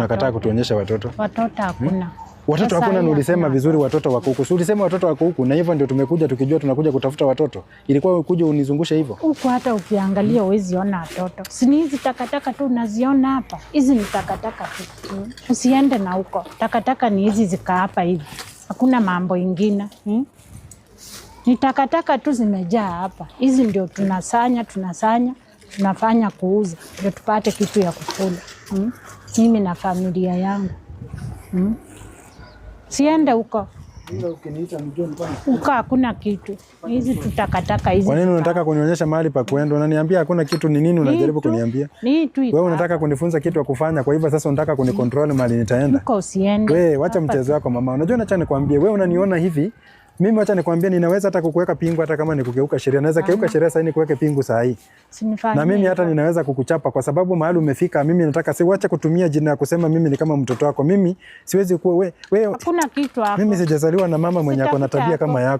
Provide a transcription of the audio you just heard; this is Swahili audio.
unakataa kutuonyesha watoto? Watoto hmm? hakuna. Hmm? Watoto hakuna, na ulisema vizuri watoto wako huku. Si ulisema watoto wako huku, na hivyo ndio tumekuja tukijua tunakuja kutafuta watoto. Ilikuwa kuja unizungushe hivyo huku, hata ukiangalia huwezi hmm, ona watoto. Si ni hizi takataka tu unaziona hapa, hizi ni takataka tu hmm. Usiende na huko, takataka ni hizi zikaa hapa hivi, hakuna mambo ingine hmm? Ni takataka tu zimejaa hapa, hizi ndio tunasanya tunasanya tunafanya kuuza ndio tupate kitu ya kukula mm? mimi na familia yangu mm? siende huko uka hakuna kitu hizi tutakataka hizi. Kwa nini unataka kunionyesha mahali pa kuenda? Unaniambia hakuna kitu. Ni nini unajaribu kuniambia? Wewe unataka kunifunza kitu ya kufanya, kwa hivyo sasa unataka kunikontrol mahali nitaenda? wewe, wacha mchezo wako mama. Unajua nacha nikwambie, wewe unaniona hivi mimi wacha nikwambie, ninaweza hata kukuweka pingu hata kama nikugeuka sheria. Naweza keuka sheria sasa nikuweke pingu saa hii. Na mimi hata ninaweza kukuchapa kwa sababu mahali umefika. Mimi nataka si wacha kutumia jina ya kusema mimi ni kama mtoto wako. Mimi siwezi kuwa wewe. Hakuna kitu hapo. Mimi sijazaliwa na mama mwenye ako na tabia kama yako.